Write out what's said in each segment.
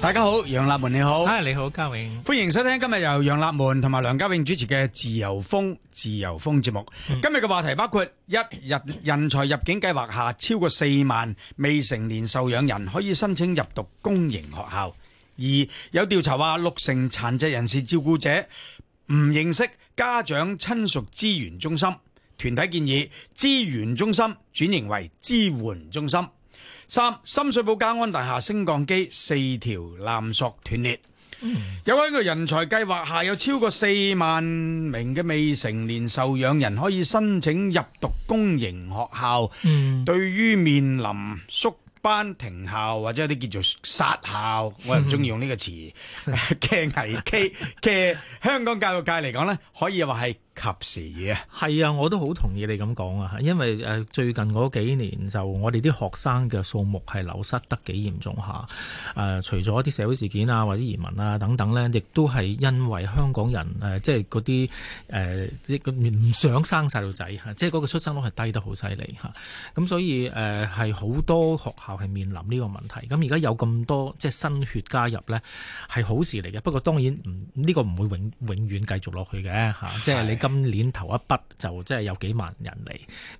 大家好，楊立門，你好。哎、啊，你好，家永，歡迎收聽今日由楊立門同埋梁家永主持嘅《自由風》《自由風》節目。今日嘅話題包括：一，入人才入境計劃下，超過四萬未成年受養人可以申請入讀公營學校；二，有調查話六成殘疾人士照顧者唔認識家長親屬資源中心，團體建議資源中心轉型為支援中心。三，深水埗嘉安大廈升降機四條纜索斷裂。Mm hmm. 有喺個人才計劃下，有超過四萬名嘅未成年受養人可以申請入讀公營學校。Mm hmm. 對於面臨縮班停校或者有啲叫做殺校，我又唔中意用呢個詞嘅、mm hmm. 危機嘅香港教育界嚟講咧，可以話係。及時啊！係啊，我都好同意你咁講啊，因為誒最近嗰幾年就我哋啲學生嘅數目係流失得幾嚴重吓誒、啊、除咗啲社會事件啊，或者移民啊等等咧，亦都係因為香港人誒、啊、即係嗰啲誒，即係唔想生細路仔吓，即係嗰個出生率係低得好犀利吓，咁、啊、所以誒係好多學校係面臨呢個問題，咁而家有咁多即係新血加入咧，係好事嚟嘅。不過當然唔呢、呢個唔會永永遠繼續落去嘅吓、啊，即係你今年頭一筆就真係有幾萬人嚟，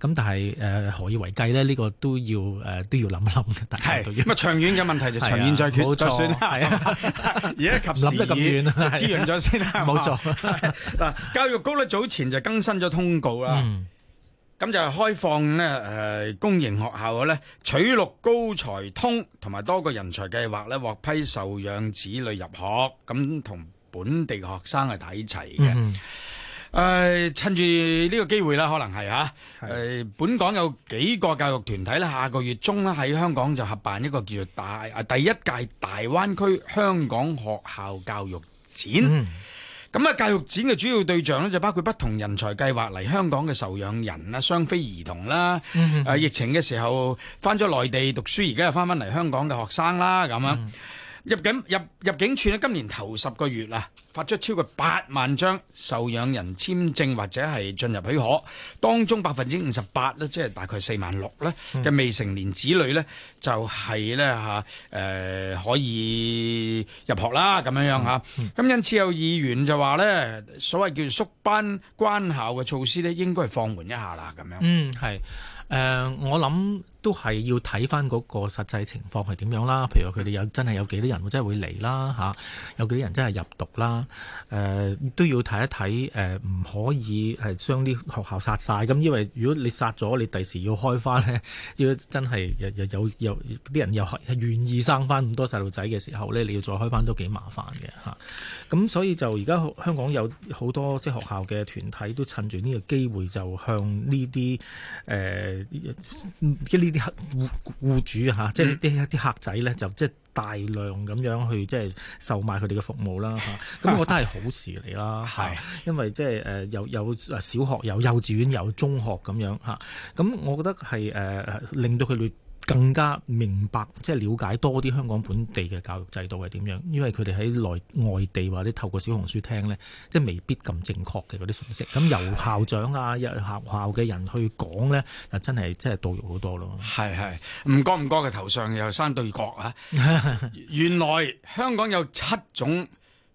咁但係誒、呃、何以為繼咧？呢、這個都要誒、呃、都要諗諗嘅。係咁啊，長遠嘅問題就長遠再決策。冇錯、啊，而家、啊、 及時諗得咁遠，啊、就支援咗先啦。冇錯，嗱，教育局咧早前就更新咗通告啦，咁、嗯、就開放咧誒、呃、公營學校嘅咧取錄高才通同埋多個人才計劃咧獲批受養子女入學，咁同本地學生係睇齊嘅。嗯誒、呃，趁住呢個機會啦，可能係吓，誒、呃，本港有幾個教育團體咧，下個月中咧喺香港就合辦一個叫做大誒第一屆大灣區香港學校教育展。咁啊、嗯，教育展嘅主要對象咧就包括不同人才計劃嚟香港嘅受養人啦、雙非兒童啦，誒、嗯呃，疫情嘅時候翻咗內地讀書，而家又翻翻嚟香港嘅學生啦，咁啊。嗯入，入，入境入入境處咧，今年頭十個月啊，發出超過八萬張受養人簽證或者係進入許可，當中百分之五十八咧，即係大概四萬六咧嘅未成年子女咧，嗯、就係咧吓誒可以入學啦，咁樣樣吓。咁、嗯嗯、因此有議員就話咧，所謂叫縮班關校嘅措施咧，應該係放緩一下啦，咁樣。嗯，係誒、呃，我諗。都係要睇翻嗰個實際情況係點樣啦，譬如話佢哋有真係有幾多人會真係會嚟啦，吓、啊，有幾多人真係入讀啦，誒、啊、都要睇一睇，誒、呃、唔可以係將啲學校殺晒，咁因為如果你殺咗，你第時要開翻咧，要真係有有有啲人又係願意生翻咁多細路仔嘅時候咧，你要再開翻都幾麻煩嘅吓，咁、啊、所以就而家香港有好多即係學校嘅團體都趁住呢個機會就向呢啲誒。呢、呃、啲。戶戶主嚇，即係啲一啲客仔咧，嗯、就即係大量咁樣去即係售賣佢哋嘅服務啦嚇。咁 我覺得係好事嚟啦，係， 因為即係誒有有小學有幼稚園有中學咁樣嚇，咁我覺得係誒令到佢哋。更加明白即係了解多啲香港本地嘅教育制度係點樣，因為佢哋喺內外地或者透過小紅書聽咧，即係未必咁正確嘅嗰啲信息。咁是由校長啊、由學校嘅人去講咧，嗱真係真係導入好多咯。係係唔覺唔覺，唔覺唔覺頭上又生對角啊！ 原來香港有七種。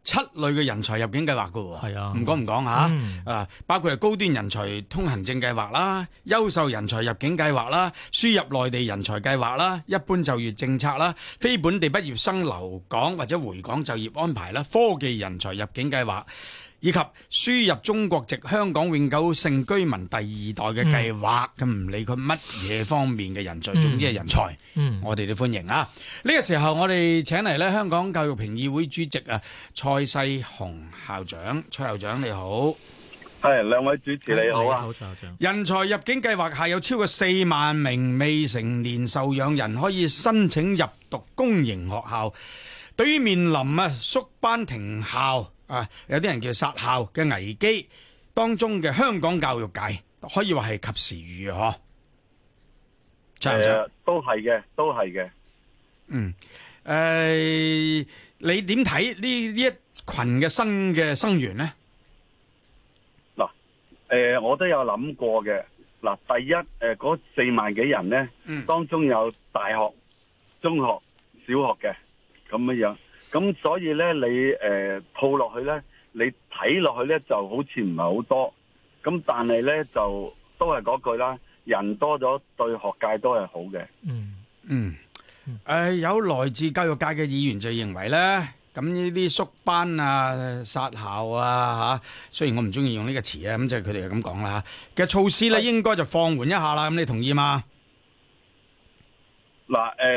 七類嘅人才入境計劃噶喎，係啊，唔講唔講吓，啊、嗯，包括係高端人才通行證計劃啦、優秀人才入境計劃啦、輸入內地人才計劃啦、一般就業政策啦、非本地畢業生留港或者回港就業安排啦、科技人才入境計劃。以及輸入中國籍香港永久性居民第二代嘅計劃，咁唔、嗯、理佢乜嘢方面嘅人、人才，總之係人才，我哋都歡迎、嗯、啊！呢、這個時候，我哋請嚟咧香港教育評議會主席啊蔡世鴻校長，蔡校長你好，係兩、hey, 位主持、嗯、好你好啊！好，校長，人才入境計劃下有超過四萬名未成年受養人可以申請入讀公營學校，對於面臨啊縮班停校，啊、有啲人叫殺校嘅危機當中嘅香港教育界，可以話係及時雨嗬？誒、呃，都係嘅，都係嘅。嗯，誒、呃，你點睇呢呢一群嘅新嘅生源咧？嗱，誒，我都有諗過嘅。嗱，第一，誒、呃，嗰四萬幾人咧，當中有大學、中學、小學嘅咁樣樣。咁所以咧，你誒套落去咧，你睇落去咧就好似唔係好多。咁但係咧，就都係嗰句啦，人多咗對學界都係好嘅。嗯嗯，誒、呃、有來自教育界嘅議員就認為咧，咁呢啲縮班啊、殺校啊嚇，雖然我唔中意用呢個詞啊，咁就係佢哋咁講啦嚇嘅措施咧，應該就放緩一下啦。咁你同意嗎？嗱誒、呃。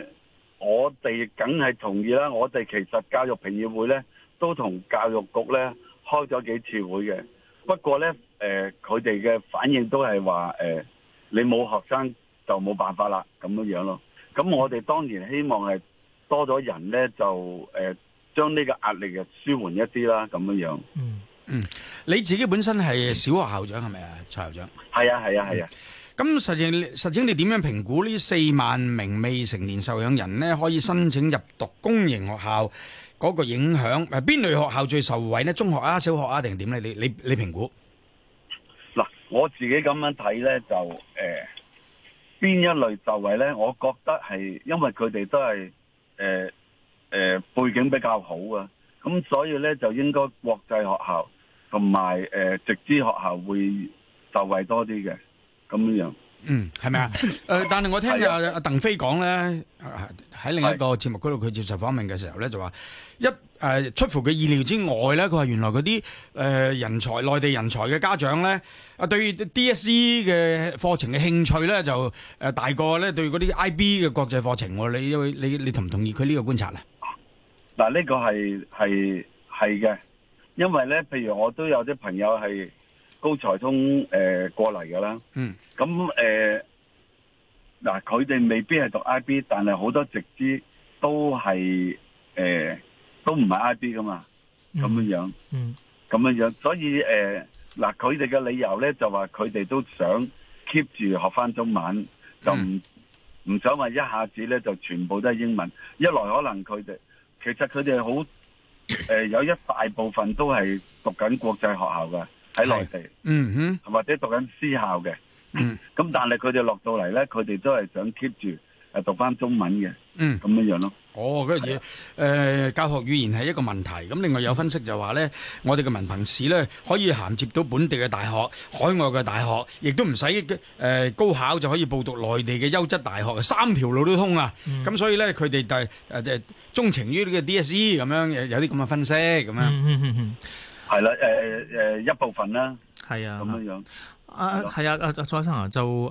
呃我哋梗係同意啦，我哋其實教育評議會咧都同教育局咧開咗幾次會嘅，不過咧誒佢哋嘅反應都係話誒你冇學生就冇辦法啦咁樣樣咯，咁我哋當然希望係多咗人咧就誒將呢個壓力嘅舒緩一啲啦咁樣樣。嗯嗯，你自己本身係小學校長係咪啊，蔡校長？係啊係啊係啊。咁實際實際你點樣評估呢？四萬名未成年受養人咧，可以申請入讀公營學校嗰個影響誒？邊類學校最受惠咧？中學啊，小學啊，定係點咧？你你你評估嗱？我自己咁樣睇咧，就誒邊、呃、一類受惠咧？我覺得係因為佢哋都係誒誒背景比較好啊，咁所以咧就應該國際學校同埋誒直資學校會受惠多啲嘅。咁這樣樣，嗯，係咪、 呃、啊？誒， 但係我聽阿阿鄧飛講咧，喺另一個節目嗰度，佢接受訪問嘅時候咧，就話一誒、呃、出乎佢意料之外咧，佢話原來嗰啲誒人才內、呃、地人才嘅家長咧，啊，對 DSE 嘅課程嘅興趣咧，就誒大過咧對嗰啲 IB 嘅國際課程。你你你，你同唔同意佢呢個觀察咧？嗱、啊，呢、這個係係係嘅，因為咧，譬如我都有啲朋友係，高才通誒、呃、過嚟嘅啦，咁誒嗱佢哋未必係讀 IB，但係好多直資都係誒、呃、都唔係 IB 噶嘛，咁樣樣，咁樣、嗯嗯、樣，所以誒嗱佢哋嘅理由咧就話佢哋都想 keep 住學翻中文，就唔唔、嗯、想話一下子咧就全部都係英文，一來可能佢哋其實佢哋好誒有一大部分都係讀緊國際學校嘅。喺內地，嗯嗯，或者讀緊私校嘅，嗯，咁、嗯嗯、但係佢哋落到嚟咧，佢哋都係想 keep 住誒讀翻中文嘅，嗯，咁樣樣咯。哦，嗰樣嘢，誒的、呃，教學語言係一個問題。咁另外有分析就話咧，嗯、我哋嘅文憑試咧可以銜接到本地嘅大學、海外嘅大學，亦都唔使誒高考就可以報讀內地嘅優質大學，三條路都通啊。咁、嗯、所以咧，佢哋就係誒誒鐘情於呢個 DSE 咁樣，有啲咁嘅分析咁樣。 係啦，誒誒、呃呃呃呃、一部分啦，係的樣啊，咁樣樣啊，係啊，阿蔡生啊，就誒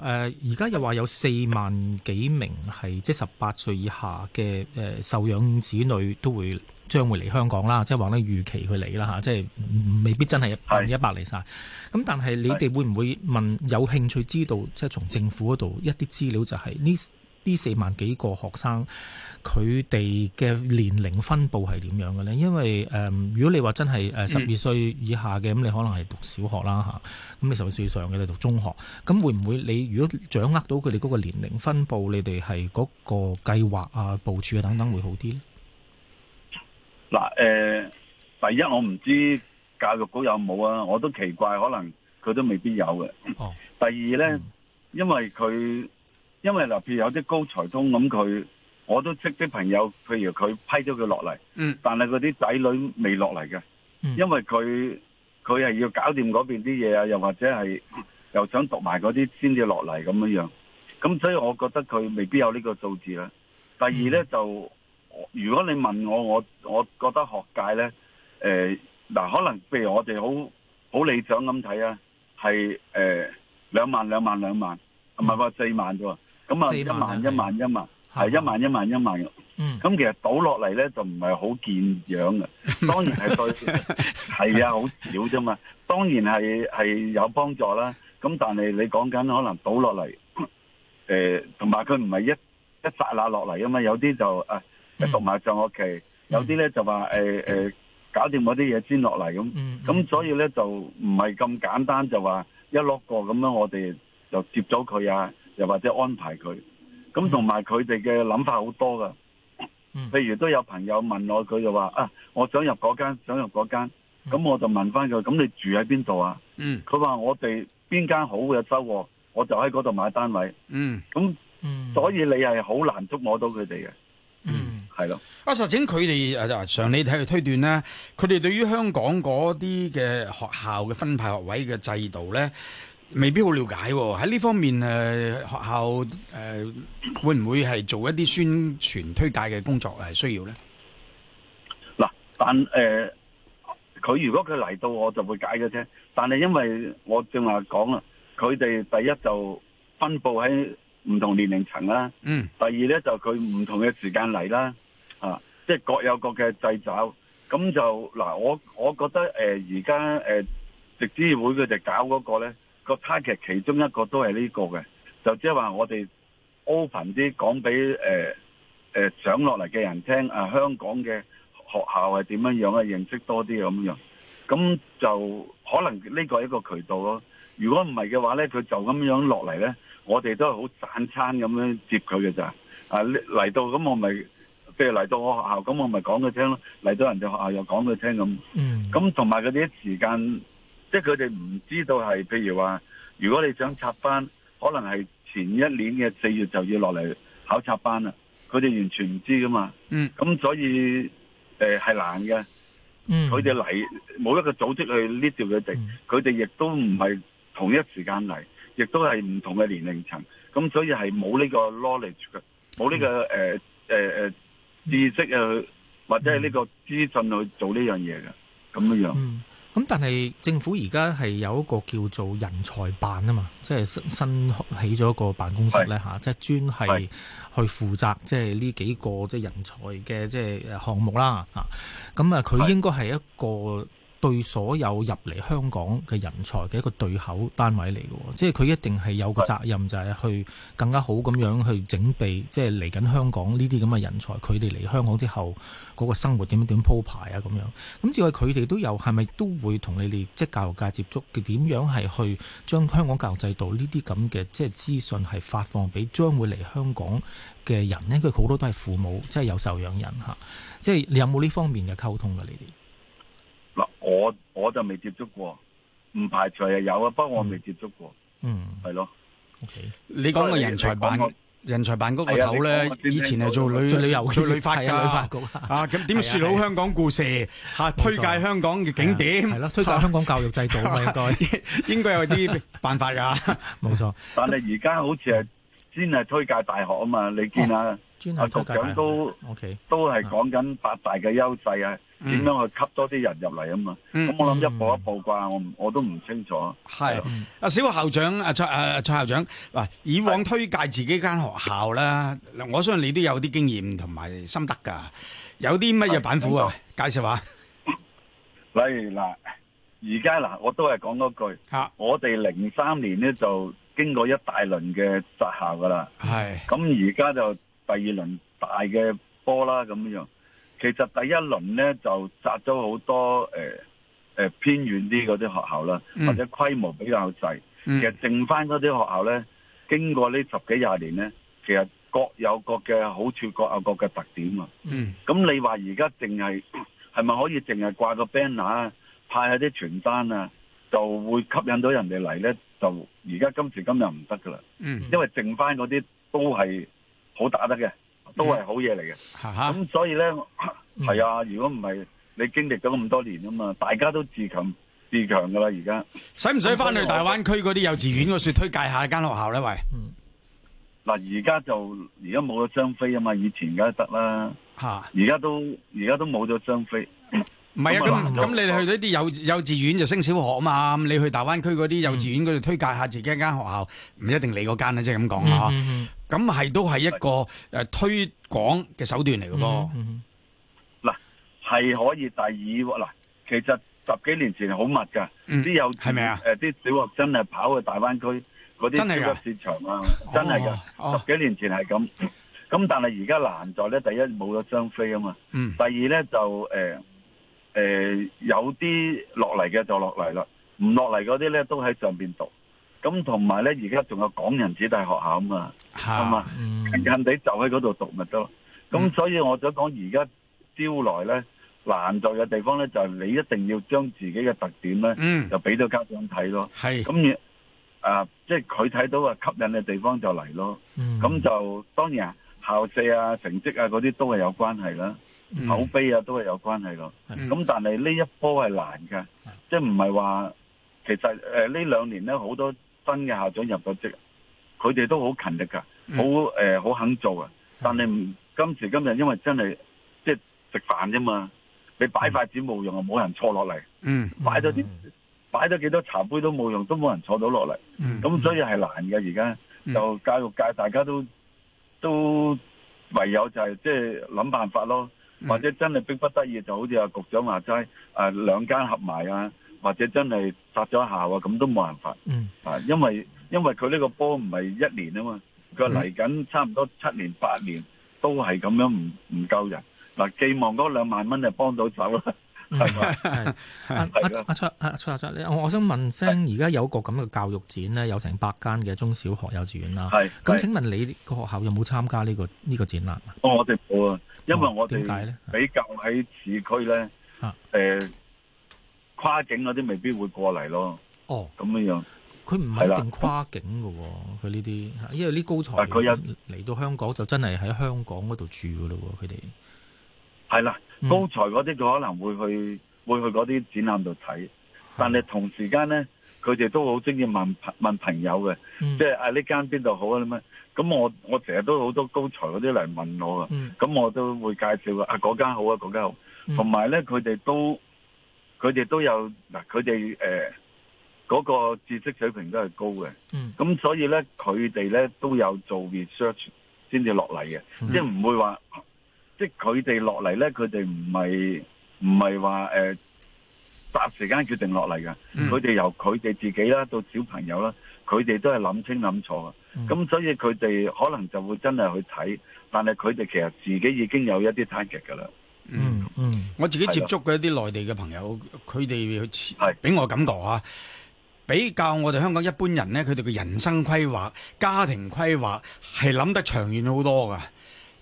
而家又話有四萬幾名係即係十八歲以下嘅誒、呃、受養子女都會將會嚟香港啦，即係話咧預期佢嚟啦嚇，即係未必真係一百嚟晒。咁的但係你哋會唔會問有興趣知道即係從政府嗰度一啲資料就係、是、呢？呢四萬幾個學生，佢哋嘅年齡分佈係點樣嘅呢？因為誒、呃，如果你話真係誒十二歲以下嘅，咁、嗯、你可能係讀小學啦嚇。咁、嗯、你十二歲以上嘅，你讀中學。咁會唔會你如果掌握到佢哋嗰個年齡分佈，你哋係嗰個計劃啊、部署啊等等，會好啲呢？嗱誒、呃，第一我唔知教育局有冇啊，我都奇怪，可能佢都未必有嘅。哦、第二呢，嗯、因為佢。因為嗱，譬如有啲高才通咁佢，我都識啲朋友，譬如佢批咗佢落嚟，嗯，但係嗰啲仔女未落嚟嘅，嗯、因為佢佢係要搞掂嗰邊啲嘢啊，又或者係又想讀埋嗰啲先至落嚟咁樣樣。咁所以我覺得佢未必有呢個數字啦。第二咧、嗯、就，如果你問我，我我覺得學界咧，誒、呃、嗱、呃，可能譬如我哋好好理想咁睇啊，係誒兩萬兩萬兩萬，唔係話四萬啫喎。嗯咁啊！一萬一萬一萬，係一萬一萬一萬。咁、嗯、其實倒落嚟咧，就唔係好見樣嘅。當然係，係啊， 好少啫嘛。當然係係有幫助啦。咁但係你講緊可能倒落嚟，誒同埋佢唔係一一紮落落嚟嘅嘛。有啲就啊，一、呃、讀埋上學期，有啲咧就話誒誒，搞掂嗰啲嘢先落嚟咁。咁、嗯、所以咧就唔係咁簡單，就話一落過咁樣，我哋就接咗佢啊。又或者安排佢，咁同埋佢哋嘅諗法好多噶，譬如都有朋友問我，佢就話啊，我想入嗰間，想入嗰間，咁我就問返佢，咁你住喺邊度啊？嗯，佢話我哋邊間好嘅收，我就喺嗰度買單位。嗯，咁所以你係好難捉摸到佢哋嘅。嗯，係咯的、嗯。啊，實情佢哋常理睇嚟推斷呢，佢哋對於香港嗰啲嘅學校嘅分派學位嘅制度呢，未必好了解喎、哦，喺呢方面誒、呃、學校誒、呃、會唔會係做一啲宣傳推介嘅工作係需要咧？嗱，但誒佢如果佢嚟到，我就會解嘅啫。但係因為我正話講啦，佢哋第一就分佈喺唔同年齡層啦，嗯，第二咧就佢唔同嘅時間嚟啦，啊，即係各有各嘅掣肘。咁就嗱、呃，我我覺得誒而家誒直資會佢就搞嗰個咧。個 target 其中一個都係呢個嘅，就即係話我哋 open 啲講俾誒誒上落嚟嘅人聽啊，香港嘅學校係點樣樣啊，認識多啲咁樣，咁就可能呢個係一個渠道咯。如果唔係嘅話咧，佢就咁樣落嚟咧，我哋都係好散餐咁樣接佢嘅咋啊。嚟到咁我咪譬如嚟到我學校咁我咪講佢聽咯，嚟到人哋學校又講佢聽咁，嗯，咁同埋嗰啲時間。即係佢哋唔知道係，譬如話，如果你想插班，可能係前一年嘅四月就要落嚟考插班啦。佢哋完全唔知噶嘛。嗯。咁所以誒係、呃、難嘅。佢哋嚟冇一個組織去 lift 住佢哋，佢哋亦都唔係同一時間嚟，亦都係唔同嘅年齡層。咁所以係冇呢個 knowledge 噶，冇呢、嗯這個誒誒誒知識啊，或者係呢個資訊去做呢樣嘢嘅，咁樣樣。嗯。咁但係政府而家係有一個叫做人才辦啊嘛，即係新起咗個辦公室咧吓是、啊，即係專係去負責即係呢幾個即係人才嘅即係項目啦，啊，咁啊佢應該係一個。對所有入嚟香港嘅人才嘅一個對口單位嚟嘅、哦，即係佢一定係有個責任，就係去更加好咁樣去整備，即係嚟緊香港呢啲咁嘅人才，佢哋嚟香港之後嗰個生活點樣點鋪排啊，咁樣咁至於，佢哋都有係咪都會同你哋即係教育界接觸？嘅點樣係去將香港教育制度呢啲咁嘅即係資訊係發放俾將會嚟香港嘅人咧？佢好多都係父母，即係有受養人吓，即係你有冇呢方面嘅溝通嘅你哋？嗱，我我就未接觸過，唔排除係有啊，不過我未接觸過。嗯，係咯。OK，你講個人才辦嘅人才辦嗰個頭咧，以前係做旅旅遊嘅，做旅發㗎，旅發局啊。咁點説好香港故事？嚇，推介香港嘅景點係咯，推介香港教育制度應該應該有啲辦法㗎。冇錯。但係而家好似係。先係推介大學啊嘛，你見下啊校長都都係講緊八大嘅優勢啊，點樣去吸多啲人入嚟啊嘛，咁我諗一步一步啩，我我都唔清楚。係啊，小學校長阿蔡啊蔡校長，嗱，以往推介自己間學校咧，我相信你都有啲經驗同埋心得噶，有啲乜嘢板斧啊？介紹下。例如嗱，而家嗱，我都係講嗰句，我哋零三年咧就。經過一大輪嘅殺校㗎喇，係咁而家就第二輪大嘅波啦咁樣。其實第一輪咧就殺咗好多誒誒、呃呃、偏遠啲嗰啲學校啦，或者規模比較細。嗯、其實剩返嗰啲學校咧，經過呢十幾廿年咧，其實各有各嘅好處，各有各嘅特點啊。咁、嗯、你話而家淨係係咪可以淨係掛個 banner 啊，派下啲傳單啊，就會吸引到人哋嚟咧？就而家今時今日唔得噶啦，嗯、因為剩翻嗰啲都係好打得嘅，嗯、都係好嘢嚟嘅。咁、嗯、所以咧，係、嗯、啊，如果唔係你經歷咗咁多年啊嘛，大家都自強自強噶啦。而家使唔使翻去大灣區嗰啲幼稚園，我雪推介一下間學校咧？喂、嗯，嗱、嗯，而家就而家冇咗雙非啊嘛，以前梗係得啦，而家、啊、都而家都冇咗雙非。 唔係啊，咁咁你哋去到啲幼幼稚園就升小學啊嘛，你去大灣區嗰啲幼稚園嗰度推介下自己一間學校，唔一定你嗰間啦，即係咁講啊，咁係都係一個誒推廣嘅手段嚟嘅噃。嗱，係可以第二嗱，其實十幾年前好密噶，啲幼稚係咪啊？誒，啲、呃、小學真啊，跑去大灣區嗰啲超級市場啊，真係噶，哦、十幾年前係咁。咁 但係而家難在咧，第一冇咗雙非啊嘛，第二咧就誒。呃誒、呃，有啲落嚟嘅就落嚟啦，唔落嚟嗰啲咧都喺上面讀。咁同埋咧，而家仲有港人子弟學校啊嘛，啊嘛，近近哋就喺嗰度讀咪得咯。咁所以我想講，而家招來咧難在嘅地方咧，就係、是、你一定要將自己嘅特點咧，嗯、就俾到家長睇咯。係是，咁亦啊，即係佢睇到啊吸引嘅地方就嚟咯。咁、嗯、就當然、啊、校舍啊、成績啊嗰啲都係有關係啦。口碑啊，都係有關係咯。咁但係呢一波係難嘅，即係唔係話，其實誒呢兩年咧好多新嘅校長入到職，佢哋都好勤力噶，好誒好肯做啊。但係今時今日，因為真係即係食飯啫嘛，你擺筷子冇用，冇人坐落嚟。嗯，擺咗啲，擺咗幾多茶杯都冇用，都冇人坐到落嚟。嗯，咁所以係難嘅，而家，就教育界大家都都唯有就係即係諗辦法咯。或者真係迫不得已，就好似阿局長話齋，誒兩間合埋啊，或者真係殺咗下啊，咁都冇辦法。嗯，啊，因為因為佢呢個波唔係一年啊嘛，佢嚟緊差唔多七年八年都係咁樣，唔唔夠人嗱，啊，寄望嗰兩萬蚊就幫到手啦。 係係阿阿阿阿阿卓，你、啊啊啊、我想問聲，而家的有個咁嘅教育展咧，有成百間嘅中小學、幼稚園啦。係咁的，請問你個學校有冇參加呢、這個呢、這個展覽啊、哦？我哋冇啊，因為我哋點解咧？呢比較喺市區咧，誒、啊呃、跨境嗰啲未必會過嚟咯。哦，咁樣樣，佢唔係一定跨境嘅喎，佢呢啲，因為啲高才佢一嚟到香港就真係喺香港嗰度住嘅咯，佢哋。係啦，高才嗰啲佢可能會去，會去嗰啲展覽度睇。但係同時間咧，佢哋都好中意問朋朋友嘅，嗯、即係啊呢間邊度好啊咁樣。咁我我成日都好多高才嗰啲嚟問我嘅，咁、嗯、我都會介紹啊嗰間好啊嗰間好。同埋咧，佢哋都佢哋都有嗱，佢哋誒嗰個知識水平都係高嘅。咁、嗯、所以咧，佢哋咧都有做 research 先至落嚟嘅，即係唔會話。即係佢哋落嚟咧，佢哋唔係唔係話誒，霎、呃、時間決定落嚟嘅。佢哋、嗯、由佢哋自己啦，到小朋友啦，佢哋都係諗清諗楚嘅。咁、嗯、所以佢哋可能就會真係去睇，但係佢哋其實自己已經有一啲 target 噶啦。嗯嗯，我自己接觸過一啲內地嘅朋友，佢哋俾我感覺吓、啊，比較我哋香港一般人咧，佢哋嘅人生規劃、家庭規劃係諗得長遠好多噶。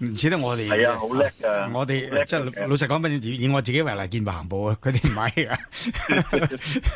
唔似得我哋係啊，好叻㗎！我哋們即係老，老實講，反正以我自己為例，見步行步啊，佢哋唔係㗎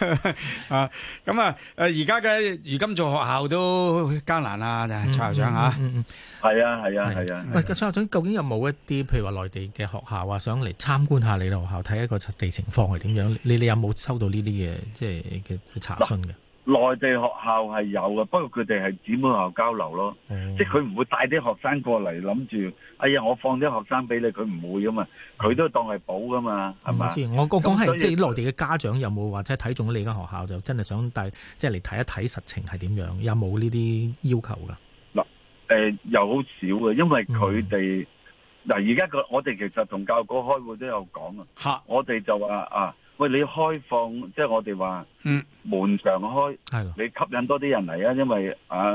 啊。咁啊，誒而家嘅，如今做學校都艱難啦，蔡校長吓，嗯係啊，係啊，係啊。喂、啊，啊、蔡校長，究竟有冇一啲譬如話內地嘅學校啊，想嚟參觀下你哋學校，睇一,一個地情況係點樣？你你有冇收到呢啲嘢，即係嘅查詢嘅？內地學校係有嘅，不過佢哋係姊妹學校交流咯，嗯、即係佢唔會帶啲學生過嚟，諗住，哎呀，我放啲學生俾你，佢唔會噶嘛，佢都當係補噶嘛，係咪吧？好似、嗯、我講講係即係內地嘅家長有冇或者睇中你間學校，就真係想帶即係嚟睇一睇實情係點樣，有冇呢啲要求㗎？嗱、呃，誒、呃，又好少嘅，因為佢哋嗱而家個我哋其實同教育局開會都有講哈啊，吓，我哋就話啊。喂，你開放即係我哋話、嗯、門常開，的你吸引多啲人嚟啊！因為啊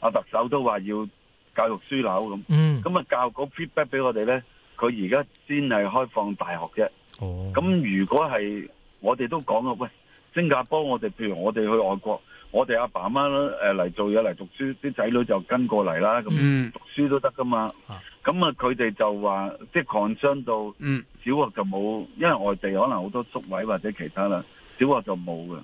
啊特首都話要教育樞紐咁，咁啊、嗯、教育局 feedback 俾我哋咧，佢而家先係開放大學啫。咁、哦、如果係我哋都講啊，喂，新加坡我哋譬如我哋去外國。我哋阿爸，爸媽誒嚟做嘢嚟讀書，啲仔女就跟過嚟啦。咁、嗯、讀書都得噶嘛。咁啊，佢哋就話即係擴張到小學就冇，嗯、因為外地可能好多宿位或者其他啦，小學就冇嘅。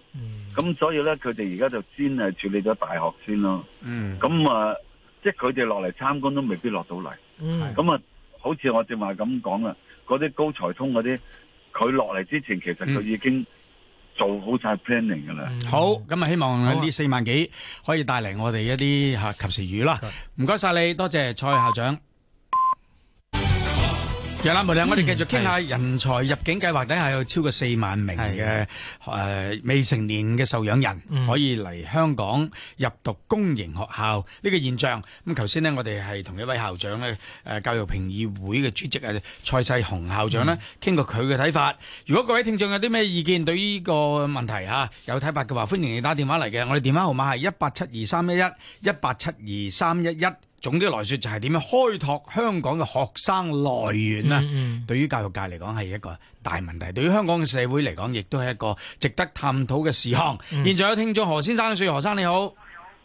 咁、嗯、所以咧，佢哋而家就先係處理咗大學先咯。咁、嗯、啊，即係佢哋落嚟參觀都未必落到嚟。咁啊、嗯，好似我正話咁講啊，嗰啲高才通嗰啲，佢落嚟之前其實佢已經、嗯。做好晒 planning 噶啦，嗯、好咁啊！希望呢四萬幾可以帶嚟我哋一啲嚇及時雨啦。唔該晒你，多謝蔡校長。有啦，冇啦，我哋繼續傾下人才入境計劃底下有超過四萬名嘅誒未成年嘅受養人可以嚟香港入讀公營學校呢個現象。咁頭先咧，我哋係同一位校長咧，誒教育評議會嘅主席誒蔡世鴻校長咧傾過佢嘅睇法。如果各位聽眾有啲咩意見對於呢個問題嚇有睇法嘅話，歡迎你打電話嚟嘅。我哋電話號碼係一八七二三一一一八七二三一一。總的來說就係點樣開拓香港嘅學生來源啦。Mm hmm. 對於教育界嚟講係一個大問題，對於香港嘅社會嚟講亦都係一個值得探討嘅事項。Mm hmm. 現在有聽眾何，何先生，何生你好，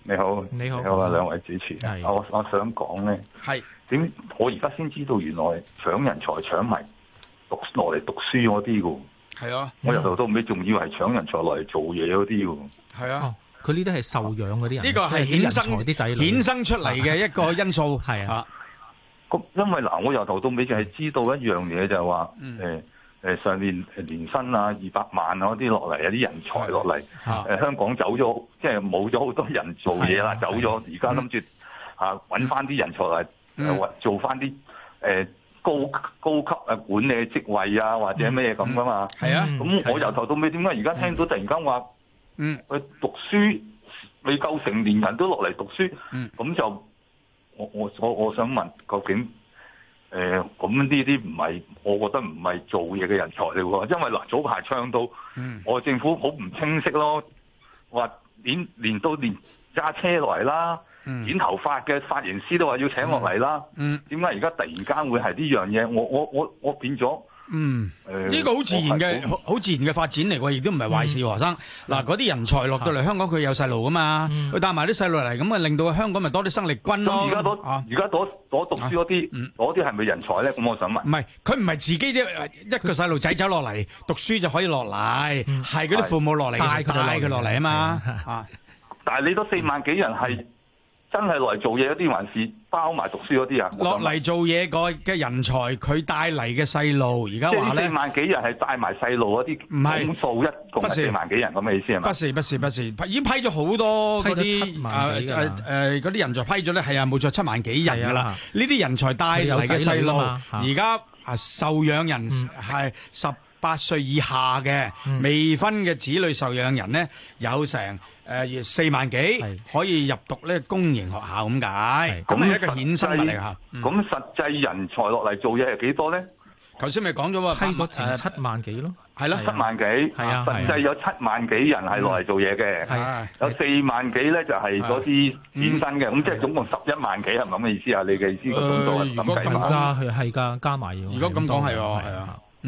你好，你好，你好啊，兩位主持的我，我我想講咧，係點？我而家先知道原來搶人才搶埋攞落嚟讀，讀，讀書嗰啲噶，係啊的，我由頭到尾仲以為係搶人才落嚟做嘢嗰啲噶，係啊的。 佢呢啲係受養嗰啲人，呢個係衍生啲仔女衍生出嚟嘅一個因素。係啊，咁因為嗱，我由頭到尾就係知道一樣嘢，就係話誒誒上面年薪啊二百萬嗰啲落嚟，有啲人才落嚟。誒香港走咗，即係冇咗好多人做嘢啦，走咗。而家諗住嚇揾翻啲人才嚟做翻啲誒高高級啊管理職位啊或者咩嘢咁噶嘛。係啊，咁我由頭到尾點解而家聽到突然間話？嗯，佢讀書未夠成年人都落嚟讀書，咁、嗯、就我我我我想問，究竟誒咁呢啲唔係？我覺得唔係做嘢嘅人才嚟喎，因為嗱早排唱到、嗯、我政府好唔清晰咯，話連連到連揸車落嚟啦，剪、嗯、頭髮嘅髮型師都話要請落嚟啦，點解而家突然間會係呢樣嘢？我我我我，我，我變咗。嗯，呢個好自然嘅，好自然嘅發展嚟，我亦都唔係壞事。學生嗱，嗰啲人才落到嚟香港，佢有細路啊嘛，佢帶埋啲細路嚟，咁啊令到香港咪多啲生力軍咯。而家嗰而家嗰嗰讀書嗰啲，嗰啲係咪人才咧？咁我想問。唔係，佢唔係自己啲一個細路仔走落嚟讀書就可以落嚟，係嗰啲父母落嚟帶佢佢落嚟啊嘛。但係你都四萬幾人係。真係落嚟做嘢嗰啲，還是包埋讀書嗰啲啊？落嚟做嘢個嘅人才，佢帶嚟嘅細路，而家話咧，四萬幾人係帶埋細路嗰啲總數一共四萬幾人咁嘅意思係咪？不是不是不是，不是，已經批咗好多嗰啲誒誒嗰啲人才批咗咧，係啊冇錯，七萬幾人㗎啦。呢啲、啊、人才帶嚟嘅細路，而家受養人係十八歲以下嘅、嗯、未婚嘅子女受養人咧，有成。誒四萬幾可以入讀咧公營學校咁解，咁係一個衍生嚟嚇。咁實際人才落嚟做嘢係幾多咧？頭先咪講咗喎，批咗成七萬幾咯，係咯，七萬幾，實際有七萬幾人係落嚟做嘢嘅，有四萬幾咧就係嗰啲衍生嘅，咁即係總共十一萬幾係咪咁嘅意思啊？你嘅意思如果咁講係咁計嘛？係係㗎，加埋要。如果咁講係喎。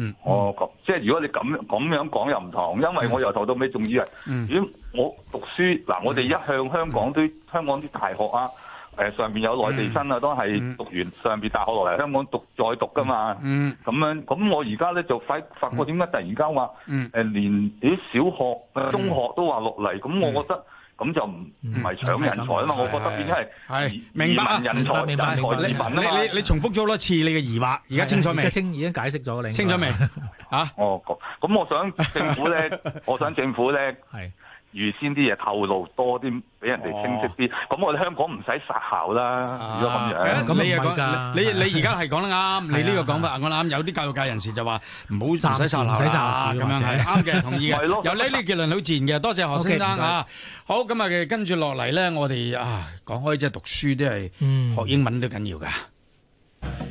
嗯，我咁、mm hmm. 哦、即係如果你咁咁樣講又唔同，因為我由頭到尾仲以為，如、mm hmm. 我讀書，嗱我哋一向香港啲、mm hmm. 香港啲大學啊，誒、呃、上邊有內地生啊，都係讀完上邊大學落嚟香港讀再讀㗎嘛，咁、mm hmm. 樣咁我而家咧就快發覺點解突然間話誒連啲小學、中學都話落嚟，咁、嗯 mm hmm. 嗯、我覺得。咁就唔唔係搶人才啊嘛，嗯、我覺得變咗係移民人才，啊、人才移民啊嘛。你你你重複咗好多次你嘅疑惑，而家清楚未？已經解釋咗你清，清楚未？嚇、啊？ 哦，咁我想政府咧， 我想政府咧，係。 預先啲嘢透露多啲，俾人哋清晰啲。咁我哋香港唔使殺校啦。如果咁樣，咁你又講，你你而家係講得啱。你呢個講法我諗有啲教育界人士就話唔好，唔使殺校使攢，咁樣係啱嘅，同意嘅。有呢啲結論好自然嘅。多謝何先生嚇。好咁啊，跟住落嚟咧，我哋啊講開即係讀書都係學英文都緊要㗎。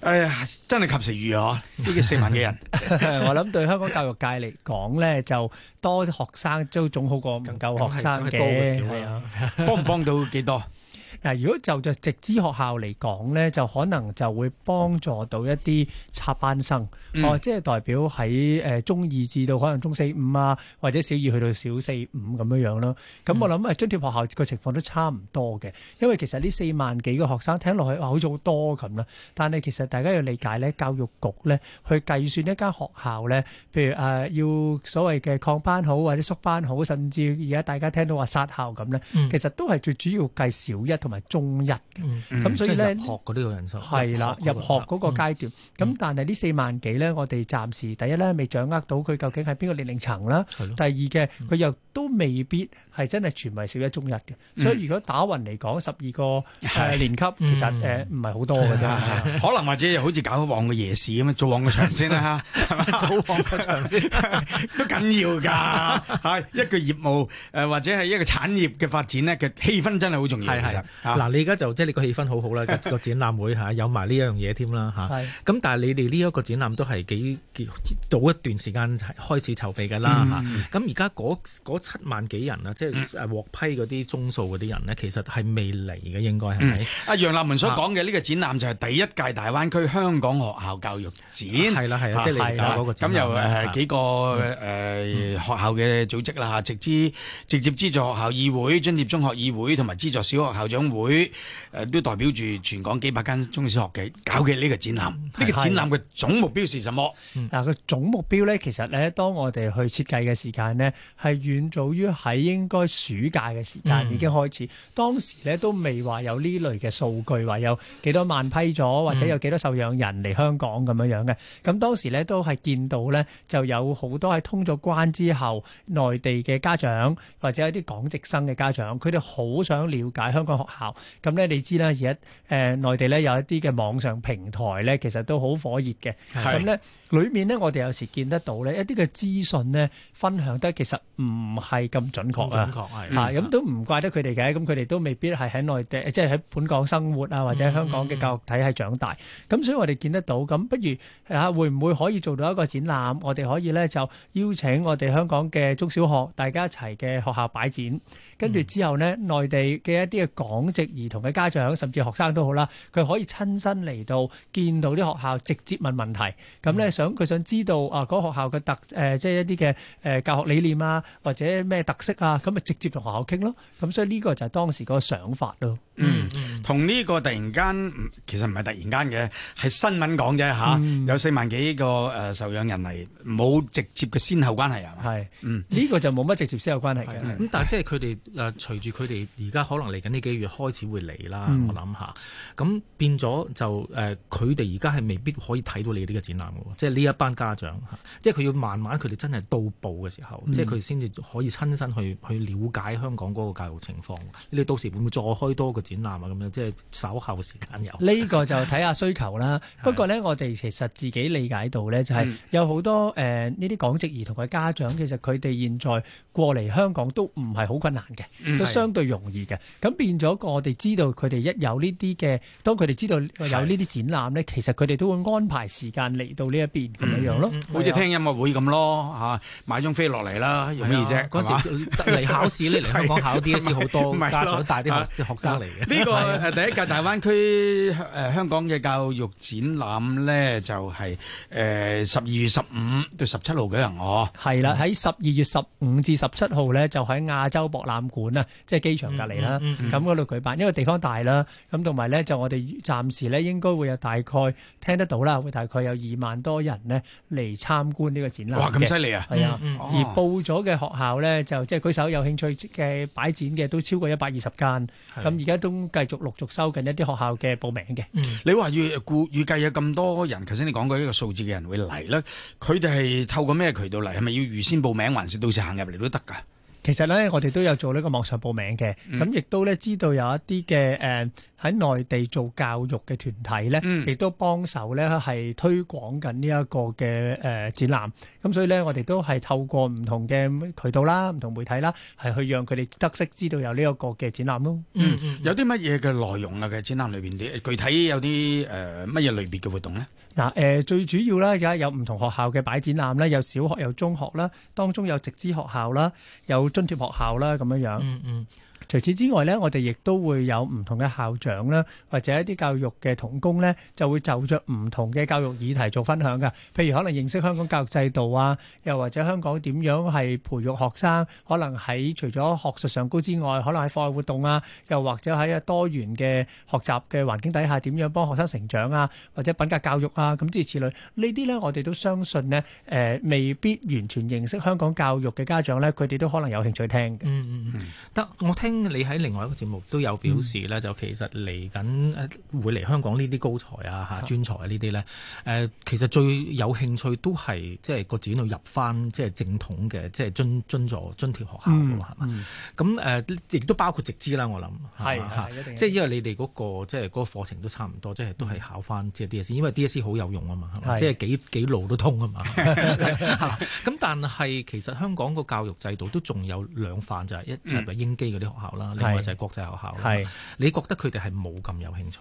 哎呀，真係及時雨嗬、啊！呢啲四萬幾人， 我諗對香港教育界嚟講咧，就多啲學生都總好過唔夠學生嘅，幫唔幫到幾多？嗱，如果就着直資學校嚟講咧，就可能就會幫助到一啲插班生，嗯、哦，即係代表喺誒中二至到可能中四五啊，或者小二去到小四五咁樣樣咯。咁、嗯、我諗啊，津貼學校個情況都差唔多嘅，因為其實呢四萬幾個學生聽落去好似好多咁啦。但係其實大家要理解咧，教育局咧去計算一間學校咧，譬如誒、呃、要所謂嘅擴班好或者縮班好，甚至而家大家聽到話殺校咁咧，嗯、其實都係最主要計小一。同埋中一嘅，咁所以咧，學嗰呢個人數係啦，入學嗰個階段，咁但係呢四萬幾咧，我哋暫時第一咧未掌握到佢究竟喺邊個年齡層啦。第二嘅，佢又都未必係真係全係小一中一嘅，所以如果打匀嚟講，十二個年級，其實誒唔係好多嘅啫。可能或者又好似搞旺個夜市咁樣，做旺個場先啦係嘛？做旺個場先都緊要噶，係一個業務誒或者係一個產業嘅發展呢，嘅氣氛真係好重要，其實。嗱、啊，你而家就即係你個氣氛好好啦，那個展覽會吓 有埋呢一樣嘢添啦嚇。咁、啊、是但係你哋呢一個展覽都係幾幾早一段時間開始籌備噶啦吓，咁而家嗰七萬幾人，人、嗯嗯、啊，即係獲批嗰啲宗數嗰啲人咧，其實係未嚟嘅，應該係咪？阿楊立門所講嘅呢個展覽就係第一屆大灣區香港學校教育展。係啦係啦，即係、啊啊啊啊、你講嗰個展。咁又誒幾個誒學校嘅組織啦吓，直接直接資助學校議會、津貼中學議會同埋資助小學校長會。會誒都代表住全港幾百間中小學嘅搞嘅呢個展覽、嗯，呢個展覽嘅總目標是什麼？嗱、嗯，個、嗯、總目標呢，其實呢，當我哋去設計嘅時間呢，係遠早於喺應該暑假嘅時間已經開始。嗯、當時呢，都未話有呢類嘅數據，話有幾多萬批咗，或者有幾多受養人嚟香港咁樣樣嘅。咁當時呢，都係見到呢，就有好多係通咗關之後，內地嘅家長或者一啲港籍生嘅家長，佢哋好想了解香港學校。咁咧、嗯，你知啦，而家誒內地咧有一啲嘅網上平台咧，其實都好火熱嘅，咁咧是。嗯嗯嗯裏面呢，我哋有時見得到呢，一啲嘅資訊呢，分享得其實唔係咁準確。準確係，咁都唔怪得佢哋嘅，咁佢哋都未必係喺內地，即係喺本港生活啊，或者香港嘅教育體系長大。咁所以我哋見得到，咁不如吓會唔會可以做到一個展覽？我哋可以呢就邀請我哋香港嘅中小學大家一齊嘅學校擺展，跟住之後呢，內地嘅一啲嘅港籍兒童嘅家長甚至學生都好啦，佢可以親身嚟到見到啲學校，直接問問題。咁呢。想佢想知道啊，嗰個學校嘅特誒、呃，即係一啲嘅誒教學理念啊，或者咩特色啊，咁咪直接同學校傾咯。咁所以呢個就係當時個想法咯。嗯，同呢個突然間，其實唔係突然間嘅，係新聞講啫嚇。啊嗯、有四萬幾個誒受養人嚟，冇直接嘅先後關係啊。係是，嗯，呢個就冇乜直接先後關係嘅。咁但係即係佢哋誒，隨住佢哋而家可能嚟緊呢幾個月開始會嚟啦。嗯、我諗下，咁變咗就誒，佢哋而家係未必可以睇到你呢個展覽嘅，即呢一班家長嚇，即係佢要慢慢，佢哋真係到步嘅時候，嗯、即係佢哋先至可以親身去去了解香港嗰個教育情況。嗯、你到時會唔會再開多個展覽啊？咁樣即係稍後時間有呢個就睇下需求啦。 不過呢，我哋其實自己理解到呢，就係有好多誒呢啲港籍兒童嘅家長，其實佢哋現在過嚟香港都唔係好困難嘅，都相對容易嘅。咁、嗯、變咗個我哋知道，佢哋一有呢啲嘅，當佢哋知道有呢啲展覽呢，的其實佢哋都會安排時間嚟到呢一咁樣樣咯，好似聽音樂會咁咯嚇，買張飛落嚟啦，容易啫。嗰時嚟考試咧，嚟香港考 DSE 好多，家長帶啲學啲學生嚟嘅。呢個係第一屆大灣區香香港嘅教育展覽呢就係誒十二月十五到十七號嘅，我係啦。喺十二月十五至十七號呢，就喺亞洲博覽館啊，即係機場隔離啦。咁嗰度舉辦，因為地方大啦，咁同埋呢，就我哋暫時呢應該會有大概聽得到啦，會大概有二萬多人咧嚟參觀呢個展覽，哇咁犀利啊！係啊，的嗯嗯而報咗嘅學校呢，就即係舉手有興趣嘅擺展嘅，都超過一百二十間。咁而家都繼續陸續收緊一啲學校嘅報名嘅。嗯、你話預估預計有咁多人，頭先你講過呢個數字嘅人會嚟咧，佢哋係透過咩渠道嚟？係咪要預先報名，還是到時行入嚟都得噶？其實咧，我哋都有做呢個網上報名嘅，咁亦都咧知道有一啲嘅，誒喺內地做教育嘅團體咧，亦都幫手咧係推廣緊呢一個嘅，誒展覽。咁、嗯、所以咧，我哋都係透過唔同嘅渠道啦，唔同媒體啦，係去讓佢哋得悉知道有呢一個嘅展覽咯。嗯嗯，有啲乜嘢嘅內容啊？嘅展覽裏邊啲具體有啲誒乜嘢類別嘅活動咧？嗱，誒最主要啦，而家有唔同學校嘅擺展覽啦，有小學有中學啦，當中有直資學校啦，有津貼學校啦，咁樣樣。嗯嗯。除此之外咧，我哋亦都會有唔同嘅校長啦，或者一啲教育嘅同工咧，就會就着唔同嘅教育議題做分享嘅。譬如可能認識香港教育制度啊，又或者香港點樣係培育學生，可能喺除咗學術上高之外，可能喺課外活動啊，又或者喺啊多元嘅學習嘅環境底下，點樣幫學生成長啊，或者品格教育啊，咁諸如此類呢啲咧，我哋都相信呢，誒未必完全認識香港教育嘅家長咧，佢哋都可能有興趣聽嗯。嗯嗯嗯，得我聽。你喺另外一個節目都有表示咧，嗯、就其實嚟緊會嚟香港呢啲高才啊、嚇專才啊呢啲咧，誒、嗯呃、其實最有興趣都係即係個子女入翻即係正統嘅，即係津津助津貼學校㗎嘛，係嘛、嗯？咁誒亦都包括直資啦，我諗係即係因為你哋嗰個即係嗰個課程都差唔多，即係都係考翻即係 DSE，因為 DSE 好有用啊嘛，是即係幾幾路都通啊嘛。咁、 嗯、但係其實香港個教育制度都仲有兩範，就係一係咪英基嗰啲學校？嗯啦，另外就係國際學校啦。是你覺得佢哋係冇咁有興趣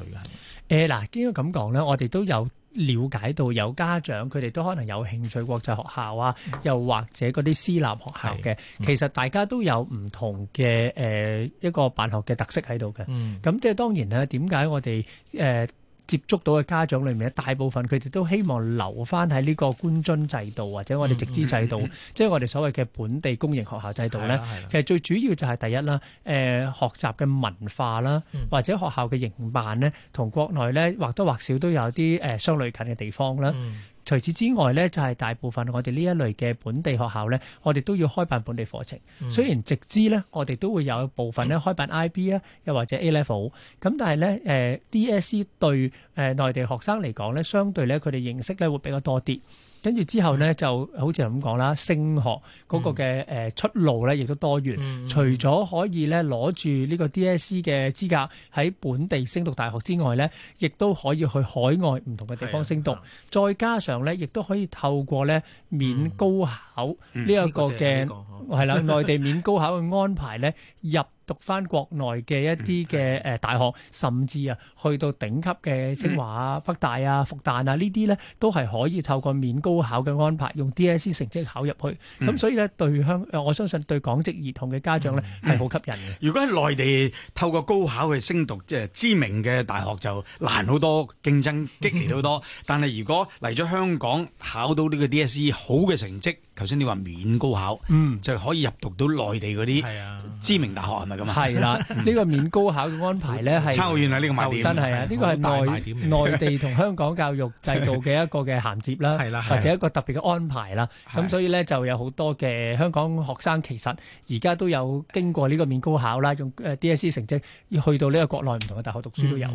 嘅？誒嗱、呃，應該咁講咧，我哋都有了解到有家長佢哋都可能有興趣國際學校啊，又或者嗰啲私立學校嘅。是其實大家都有唔同嘅誒、呃、一個辦學嘅特色喺度嘅。嗯，咁即係當然咧，點解我哋誒、呃接觸到嘅家長裏面咧，大部分佢哋都希望留返喺呢個官津制度或者我哋直資制度，即係、嗯嗯嗯、我哋所謂嘅本地公營學校制度咧。嗯嗯、其實最主要就係第一啦，誒、呃、學習嘅文化啦，或者學校嘅營辦呢，同國內呢，或多或少都有啲誒相類近嘅地方啦。嗯嗯除此之外咧，就係大部分我哋呢一類嘅本地學校咧，我哋都要開辦本地課程。雖然直資咧，我哋都會有部分咧開辦 IB 啊，又或者 A level 咁，但係咧誒 DSE 對誒內地學生嚟講咧，相對咧佢哋認識咧會比較多啲。跟住之後呢，就好似咁講啦，升學嗰個嘅誒出路呢，亦都多元。嗯、除咗可以呢攞住呢個 DSE 嘅資格喺本地升讀大學之外呢，亦都可以去海外唔同嘅地方升讀。的再加上呢，亦都可以透過呢免高考呢一個嘅係啦，內地免高考嘅安排呢。入讀翻國內嘅一啲嘅誒大學，嗯、甚至啊去到頂級嘅清華啊、嗯、北大啊、復旦啊，呢啲呢都係可以透過免高考嘅安排，用 DSE 成績考入去。咁、嗯、所以呢，對香，我相信對港籍兒童嘅家長呢係好吸引嘅、嗯嗯。如果喺內地透過高考去升讀即係、呃、知名嘅大學就難好多，競爭激烈好多。嗯嗯、但係如果嚟咗香港考到呢個 DSE 好嘅成績，頭先你話免高考，就可以入讀到內地嗰啲知名大學，係咪咁啊？係啦，呢個免高考嘅安排咧係，抄完呢個真係啊！呢個係內地同香港教育制度嘅一個嘅銜接啦，或者一個特別嘅安排啦。咁所以咧就有好多嘅香港學生其實而家都有經過呢個免高考啦，用 DSE 成績去到呢個國內唔同嘅大學讀書都有。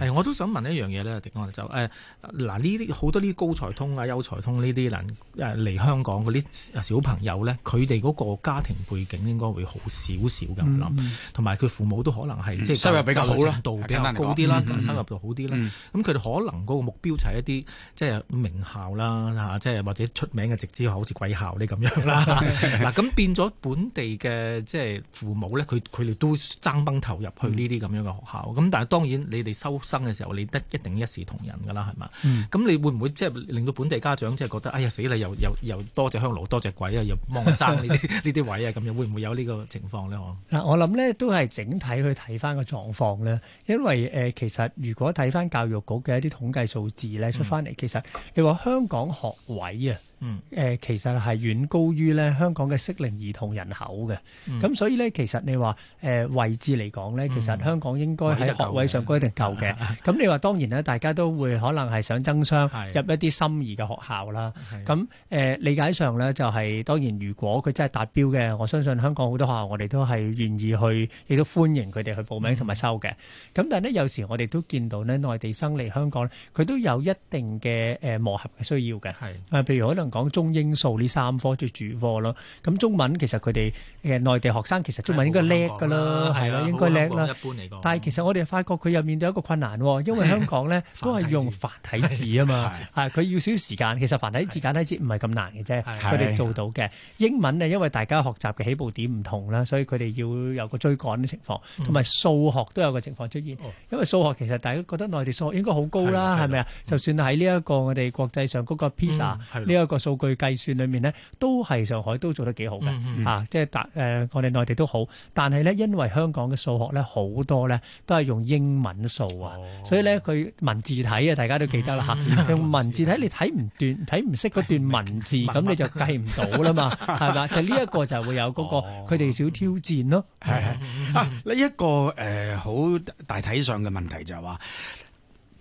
係，我都想問一樣嘢咧，狄安就誒嗱呢啲好多啲高才通啊、優才通呢啲人誒嚟香港啲小朋友咧，佢哋嗰個家庭背景應該會好少少咁諗，同埋佢父母都可能係即係收入比較好啦，比較高啲啦，收入就好啲啦。咁佢哋可能嗰個目標就係一啲即係名校啦，即係或者出名嘅直資好似貴校啲咁樣啦。嗱，咁變咗本地嘅即係父母咧，佢佢哋都爭崩頭入去呢啲咁樣嘅學校。咁但係當然你哋收生嘅時候，你一定一視同仁㗎啦，係嘛？咁你會唔會即係令到本地家長即係覺得哎呀死啦，又又又多隻多隻鬼啊！又幫我爭呢啲呢啲位啊！咁樣會唔會有呢個情況咧？我嗱，我諗咧都係整體去睇翻個狀況咧，因為誒其實如果睇翻教育局嘅一啲統計數字咧出翻嚟，其實你話香港學位啊～嗯，誒其實係遠高於咧香港嘅適齡兒童人口嘅，咁所以咧其實你話誒位置嚟講咧，其實香港應該喺學位上嗰一定夠嘅。咁你話當然咧，大家都會可能係想爭相入一啲心儀嘅學校啦。咁誒理解上咧就係當然，如果佢真係達標嘅，我相信香港好多學校我哋都係願意去，亦都歡迎佢哋去報名同埋收嘅。咁但係咧有時我哋都見到咧內地生嚟香港，佢都有一定嘅誒磨合嘅需要嘅。係，啊譬如可能。講中英數呢三科即係主科咯。咁中文其實佢哋誒內地學生其實中文應該叻噶啦，係啦應該叻啦。但係其實我哋發覺佢又面對一個困難，因為香港咧都係用繁體字啊嘛，係佢要少少時間。其實繁體字簡體字唔係咁難嘅啫，佢哋做到嘅。英文咧，因為大家學習嘅起步點唔同啦，所以佢哋要有個追趕嘅情況。同埋數學都有個情況出現，因為數學其實大家覺得內地數學應該好高啦，係咪啊？就算喺呢一個我哋國際上嗰個 PISA 呢一個數據計算裏面呢，都係上海都做得幾好嘅，啊，即係大誒，我哋內地都好。但係咧，因為香港嘅數學咧好多咧，都係用英文數啊，所以咧佢文字體啊，大家都記得啦嚇。用文字體你睇唔斷睇唔識嗰段文字，咁你就計唔到啦嘛，係咪？就呢一個就會有嗰個佢哋少挑戰咯。係係，呢一個誒好大體上嘅問題就係話。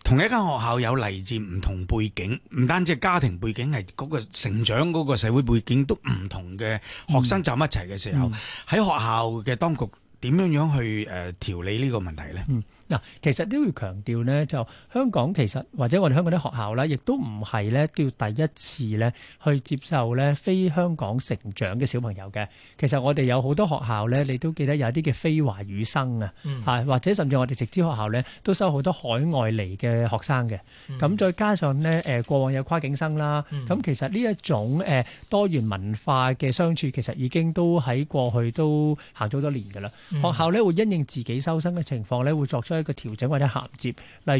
同一間學校有嚟自唔同背景，唔單止家庭背景，係嗰成長嗰個社會背景都唔同嘅學生站一齊嘅時候，喺、嗯、學校嘅當局點樣樣去誒、呃、調理呢個問題呢？嗯嗱，其實都要強調咧，就香港其實或者我哋香港啲學校咧，亦都唔係咧叫第一次咧去接受咧非香港成長嘅小朋友嘅。其實我哋有好多學校咧，你都記得有一啲嘅非華語生啊，嚇、嗯、或者甚至我哋直資學校咧都收好多海外嚟嘅學生嘅。咁、嗯、再加上咧誒、呃、過往有跨境生啦，咁、嗯嗯、其實呢一種誒、呃、多元文化嘅相處其實已經都喺過去都行咗好多年噶啦。學校咧會因應自己收生嘅情況咧，會作出一個調整或者銜接，例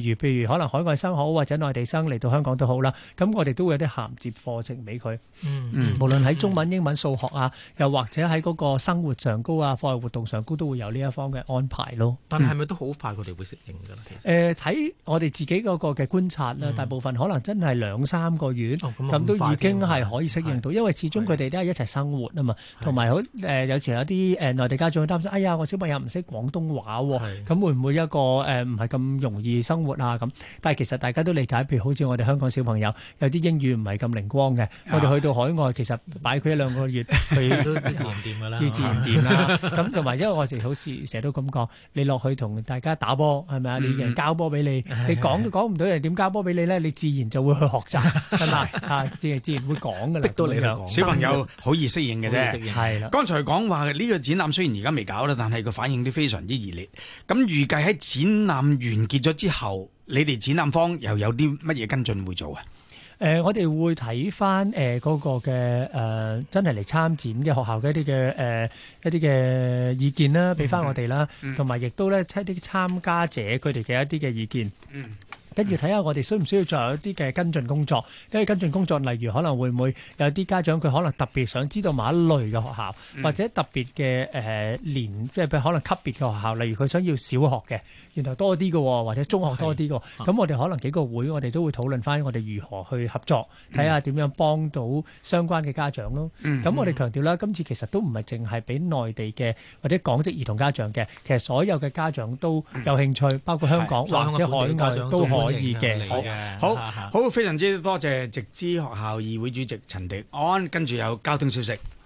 如譬如可能海外生好或者內地生嚟到香港都好啦，咁我哋都會有啲銜接課程俾佢。嗯，無論喺中文、英文、數學啊，又或者喺嗰個生活上高啊、課外活動上高，都會有呢一方嘅安排咯。但係咪都好快佢哋會適應㗎？其實誒，睇我哋自己嗰個嘅觀察啦，大部分可能真係兩三個月，咁都已經係可以適應到，因為始終佢哋都係一齊生活啊嘛。同埋好誒，有時有啲誒內地家長擔心，哎呀，我小朋友唔識廣東話喎，咁會唔會一個？我誒唔係咁容易生活啊咁，但係其實大家都理解，譬如好似我哋香港小朋友有啲英語唔係咁靈光嘅，我哋去到海外其實擺佢一兩個月，佢都自然掂㗎啦，自然掂啦。咁同埋因為我哋好似成日都咁講，你落去同大家打波係咪啊？你人交波俾你，你講都講唔到人點交波俾你咧，你自然就會去學習，係咪啊？自自然會講㗎啦。逼到你又小朋友好易適應嘅啫，適應，係啦。剛才講話呢個展覽雖然而家未搞啦，但係個反應都非常之熱烈。咁預計喺前。展覽完結咗之後，你哋展覽方又有啲乜嘢跟進會做啊？誒、呃，我哋會睇翻誒嗰個嘅誒、呃，真係嚟參展嘅學校嘅一啲嘅誒一啲嘅意見啦，俾翻我哋啦，同埋亦都咧，睇啲參加者佢哋嘅一啲嘅意見。嗯、mm。跟住睇下我哋需唔需要再有一啲嘅跟進工作？跟住跟進工作，例如可能會唔會有啲家長佢可能特別想知道某一類嘅學校，mm hmm. 或者特別嘅誒年即係譬如可能級別嘅學校，例如佢想要小學嘅。然後多啲嘅，或者中學多啲嘅，咁我哋可能幾個會，我哋都會討論返我哋如何去合作，睇下點樣幫到相關嘅家長咯。咁我哋強調啦，今次其實都唔係淨係俾內地嘅或者港籍兒童家長嘅，其實所有嘅家長都有興趣，包括香港或者海外都可以嘅。好好，非常之多謝直資學校議會主席陳迪安，跟住有交通消息。